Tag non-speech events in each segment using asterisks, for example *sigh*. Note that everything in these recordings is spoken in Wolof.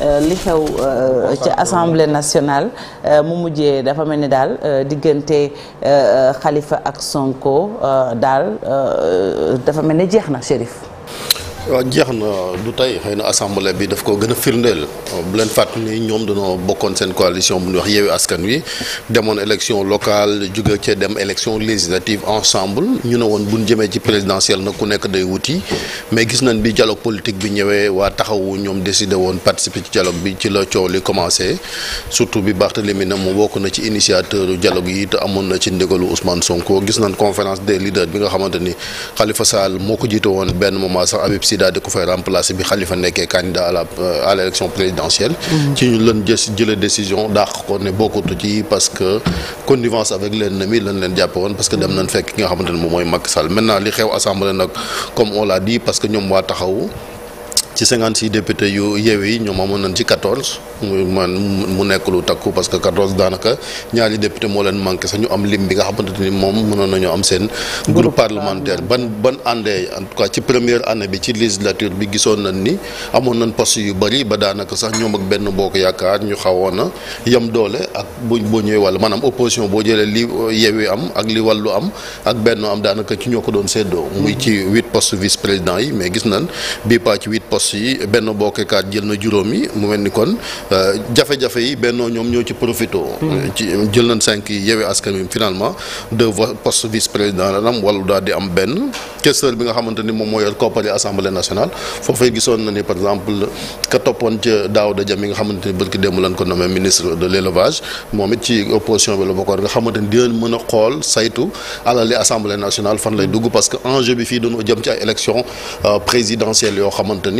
Euh, li xew euh, ci assemblée nationale euh, mu mujjee dafa mel ni daal diggante xalifa ak Sonko daal dafa mel ni jeex na Chérif waaw jeex na du tey xëy na assemblée bi daf ko gën a firndeel bu leen fàttali ni ñoom dañoo bokkoon seen coalition bu ñuy wax yeewi askan wi demoon élection locale jóge ca dem élection législative ensemble ñu ne woon bu jëmee ci présidentielle nag ku nekk day wuti mais gis nañ bi dialogue politique bi ñëwee waa taxawu ñoom décidé woon participer ci dialogue bi ci la coow li commencé surtout bi Barthélémy na mu bokk na ci initiateur dialogue yi te amoon na ci ndigalu Ousmane Sonko gis nañ conférence des leaders bi nga xamante ni Khalifa Sall moo ko jiite woon daal di ko fay bi Khalifa nekkee candidat à la euh, présidentielle. ci ñu leen jës décision dàq ko ne bokkatu ci parce que connivence avec l'ennemi lañ leen jàppe woon parce que dem nañ fekk nga xamante ne moom mooy Macky Sall maintenant li xew assemblée nag comme on l'a parce que ñoom waa taxawu. ci 56 députés yu yeewe yi ñoom amoon nañ ci 14 man mu nekk lu takku parce que 14 daanaka ñaari député moo leen manqué sax ñu am lim bi nga xamante ni moom mënoon nañoo am seen. groupe parlementaire ban ban àndee en tout cas ci première année bi ci législature bi gisoon nañ ni amoon nañ post yu bari ba daanaka sax ñoom ak benn bokk yaakaar ñu xawoon a yem doole ak bu bu ñëwee wàll maanaam opposition boo jëlee li yeewe am ak li wàllu am ak benn am daanaka ci ñoo ko doon séddoo. muy ci huit postes vice président yi mais gis nañ force yi benn jël na juróom yi mu mel ni kon euh, jafe-jafe yi bennoo ñoom ñoo ci profito hmm. ci jël nañ cinq yi yewe askan wi finalement deux voix poste vice président la am wala am benn questeur bi nga xamante moom moo yor koppari assemblée nationale foofee gisoon na ni par exemple ka toppoon ca Daouda Dia mi nga xamante ni bërki démb lañ ko nommé ministre de l' moom it ci opposition bi la bokkoon nga xamante ni dinañ a xool saytu alal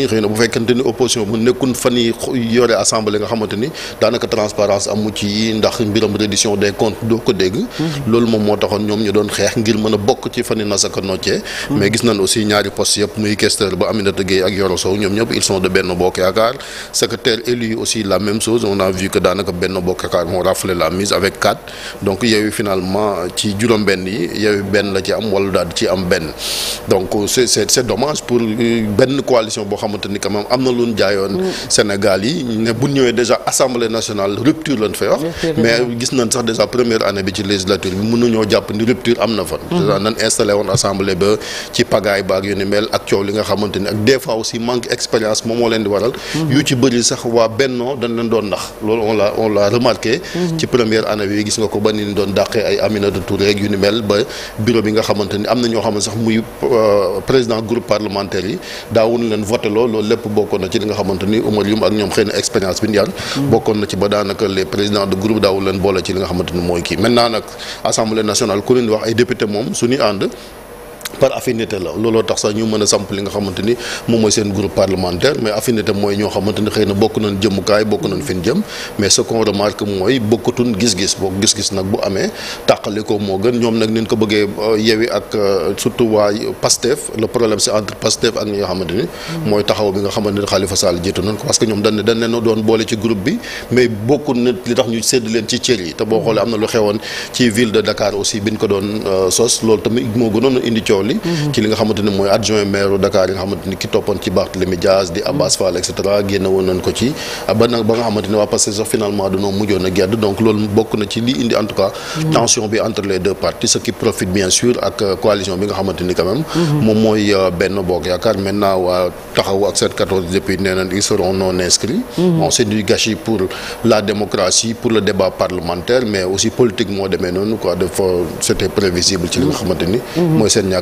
xëy na bu fekkente ni opposition bu nekkul fan yi yore assemblée nga xamante ni daanaka transparence amu ci ndax mbiram reddition des comptes doo ko dégg mhm. loolu moom moo taxoon ñoom ñu doon xeex ngir mën a bokk ci fan yi nasaka noccee mhm. mais gis nañ aussi ñaari poste yëpp muy questeur ba Aminata Gueye ak Yoro Sow ñoom ñëpp ils sont de Benno Bokk Yaakaar secrétaire élu aussi la même chose on a vu que daanaka Benno Bokk Yaakaar moo raflé la mise avec euh, boo xamante ni quand même am na lu ñu jaayoon. Mm. Sénégal yi ne bu ñëwee déjà assemblée nationale rupture lañ fay wax. mais gis nañ sax déjà première année ci législature bi mën nañoo jàpp ni rupture am na fa. Mm. déjà nañ installé assemblée ba ci pagaay baag yu ni mel ak coow li nga xamante ak des aussi manque expérience moom moo leen di waral. Mm. yu ci bëri sax waa Benno dañ leen doon ndax loolu on l'a on mm-hmm. ci première année gis nga ko ba ni doon dàqee ay Aminata ak yu loolu lépp bokkoon na ci li nga xamante ni Omar Youm ak ñoom xëy na expérience bi ñu mm. bokkoon na ci ba daanaka les présidents de groupe daaw leen boole ci li nga xamante ni mooy kii maintenant nag assemblée nationale ku leen wax ay député moom suñuy ànd par affinité la looloo tax sax ñu mën a samp li nga xamante ni moom mooy seen groupe parlementaire mais affinité mooy ñoo xamante ni na bokk nañ jëmukaay bokk nañ fi ñu ko moo gën ñoom nag nañ ko bëggee euh, yewi ak euh, surtout waa Pastef le problème c'est entre Pastef ak mooy taxaw bi nga xamante jiitu nañ parce que ñoom dañ ne dañ leen doon boole ci groupe bi mais bokku na li tax ñu sédd leen ci cër yi te boo xoolee am na lu xewoon ci ville de Dakar aussi biñ ko doon euh, sos loolu tamit moo gënoon indi coow tool ci mhm. li nga xamante mooy adjoint maire Dakar yi nga xamante ki toppoon ci Barthélémy Dias di Abbas mhm. Fall et cetera nañ ko ci ba nag ba nga xamante waa Pastef sax finalement dañoo mujjoon a gedd donc loolu bokk na ci li indi en tout cas mhm. tension bi entre les deux parties ce qui profite bien sûr ak euh, coalition bi nga xamante ni moom mooy euh, Benno Bokk Yaakaar maintenant waa Taxawu ak seen 14 députés nee nañ ils seront non inscrits bon c'est du gâchis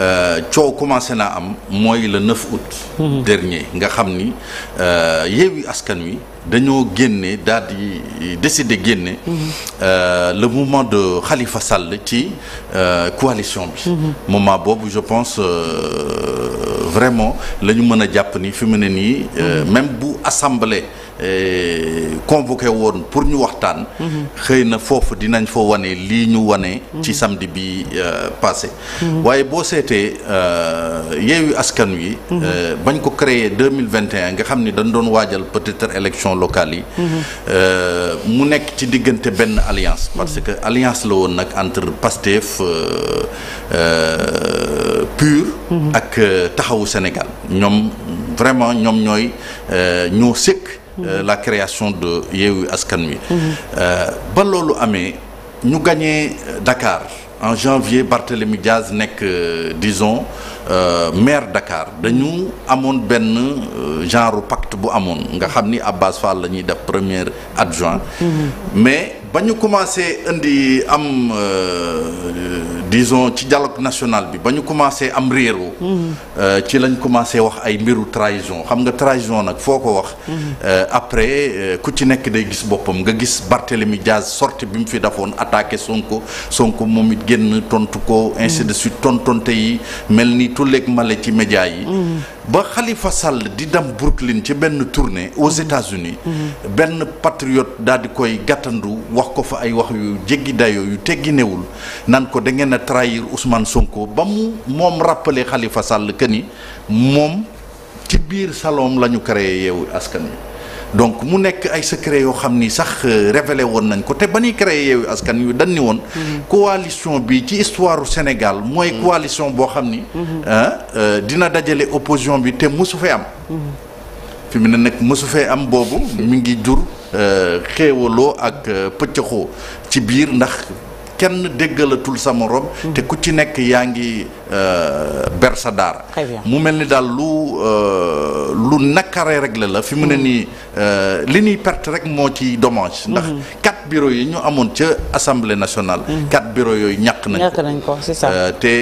Euh, coow commencé naa am mooy le 9 août. Mhm. dernier nga xam ni euh, Yewwi Askan Wi dañoo génne daal di décider génne. Mhm. Euh, le mouvement de xalifa Sall ci coalition bi. Mhm. moment boobu je pense. vraiment la ñu mën a jàpp ni fi mu ne nii. même bu assemblée. Eh, convoqué woon pour ñu waxtaan. Mhm. xëy na foofu dinañ fa wane lii ñu wane. ci mhm. samedi bi euh, passé. Mhm. waaye boo seetee euh, Yewwi Askan Wi. Euh, bañ ko créé deux mille vingt et nga xam ni dañ doon waajal peut-être élection locale yi. mu nekk ci diggante benn alliance. parce que alliance la woon nag entre Pastef PUR. ak taxawu Sénégal ñoom vraiment ñoom ñooy ñoo sëkk. Euh, la création de Yewwi Askan Wi euh, ba loolu amee ñu gagné Dakar en janvier Barthélémy Diaz nekk euh, dison euh, maire Dakar dañu amoon benn genre pacte bu amoon nga xam ni Abbas Fall la ñuy def premier adjoint mm-hmm. mais ba ñu commencé indi am euh, disons ci dialogue national bi ba ñu commencé am réeroo. Euh, ci lañ commencé wax ay mbiru trahison xam nga trahison nag foo ko wax. Euh, après ku ci nekk day gis boppam nga gis Barthélemy Diaz sorti bi mu fi dafoon attaqué Sonko Sonko moom it génn tontu ko. ainsi de suite tontonte yi mel ni tulleeg male ci média yi. ba xalifa Sall di dem Brooklyn ci benn tournée aux États-Unis benn patriote daal di koy gàttandu. wax ko fa ay wax yu jéggi dayoo yu teggi newul nan ko da ngeen a trahir Ousmane Sonko ba mu moom rappelé xalifa Sall que ni moom ci biir salom lañu ñu créé yeewu askan wi donc mu nekk ay secret yoo xam ni sax euh, révélé woon nañ ko te ba ñuy créé yeewu askan wi dañ ni woon. Mhm. coalition bi ci histoire Sénégal. mooy mhm. coalition boo xam ni. Mhm. Euh, dina dajale opposition bi te mosu fee am. fi mu ne nag fee am boobu mi ngi jur. xéewaloo ak euh, pëccëxoo ci biir ndax kenn déggalatul sa morom. Mm. te ku ci nekk yaa ngi Euh, ber sa daara mu mel ni daal lu euh, lu nakare rek la la fi mu ne mm. nii euh, li ñuy perte rek moo ci dommage ndax mm-hmm. quatre bureaux yi ñu amoon ca assemblée nationale mm. quatre biro yooyu ñàkk nañ ko te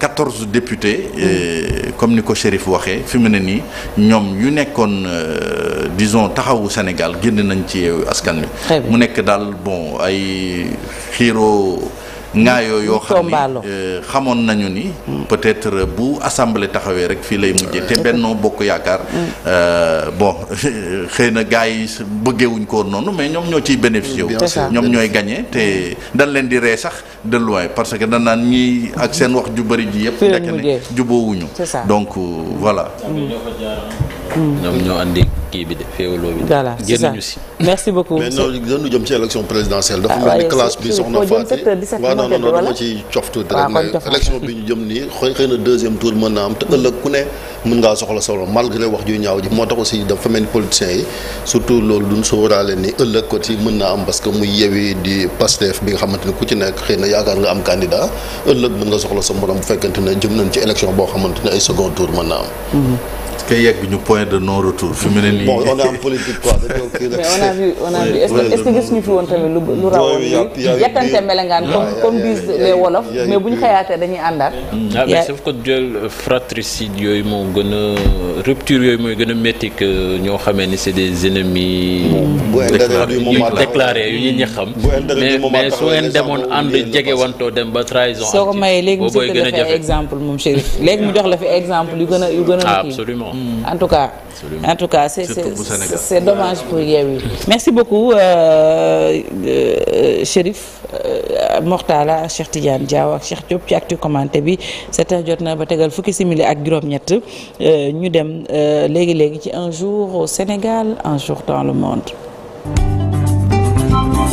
quatorze députés mm. comme ni ko Chérif waxee fi mu ne nii ñoom yu nekkoon dison taxawu Sénégal génn nañ ci askan wi mu nekk daal bon ay xiiroo ngaayoo yoo xam ni euh, xamoon nañu ni mm. peut-être euh, bu assemblée taxawee rek fii lay mujjee te mm. Benno Bokk Yaakaar mm. euh, bon *laughs* xëy na gars yi bëggeewuñ ko noonu mais ñoom ñoo ciy bénéficié wu ñoom ñooy gagné te dañ leen di ree sax de loin parce que dañ naan ñi ak seen wax ju bëri ji yëpp nekk ne juboowuñu donc voilà ñoom ñoo andi kii bi de féewaloo bi. voilà c' jëm ci élection présidentielle. dafa ah, mel ni classe bi soxna Faati waaw non non dama ci cof tuuti rek bi ñu jëm nii xëy xëy na deuxième tour mën naa am te ëllëg ku ne mën ngaa soxla solo malgré wax ju moo tax aussi dafa mel ni politiciens yi surtout loolu duñ sóoraale ni am parce que muy yewi di Pastef bi nga xamante ne ku ci nekk xëy na yaakaar nga am candidat ëllëg mën nga soxla sa morom bu fekkante ne jëm nañ ci élection boo xamante ne ay second tour mën naa am mm-hmm. ka yegg ñu point de non retour. fi mu ne nii bon on est en politique a vu on a vu est ce que gis ñu fi woon tamit lu lu rawoon bi yettante melengaan comme comme disent wolof mais bu ñu dañuy àndaat. Mm, ah, yooyu moo gën a rupture yooyu mooy gën a métti ñoo xamee ni c' des ennemis. déclaré yu ñuy ñi xam. mais mais su ngeen demoon ànd jege wantoo dem ba trahison. soo ko mayee léegi mu jox la fi exemple moom Chérif yu gën yu gën a. Ah, Absolument. en tout cas en tout cas c'est c'est c'est dommage pour Yewwi merci beaucoup euh, euh, Chérif euh, Mortala Cheikh Tidiane Diaw ak Cheikh Diop ci actu commenté bi sept heures jot na ba tegal fukki simili ak juróom-ñett ñu dem léegi léegi ci un jour au Sénégal un jour dans le monde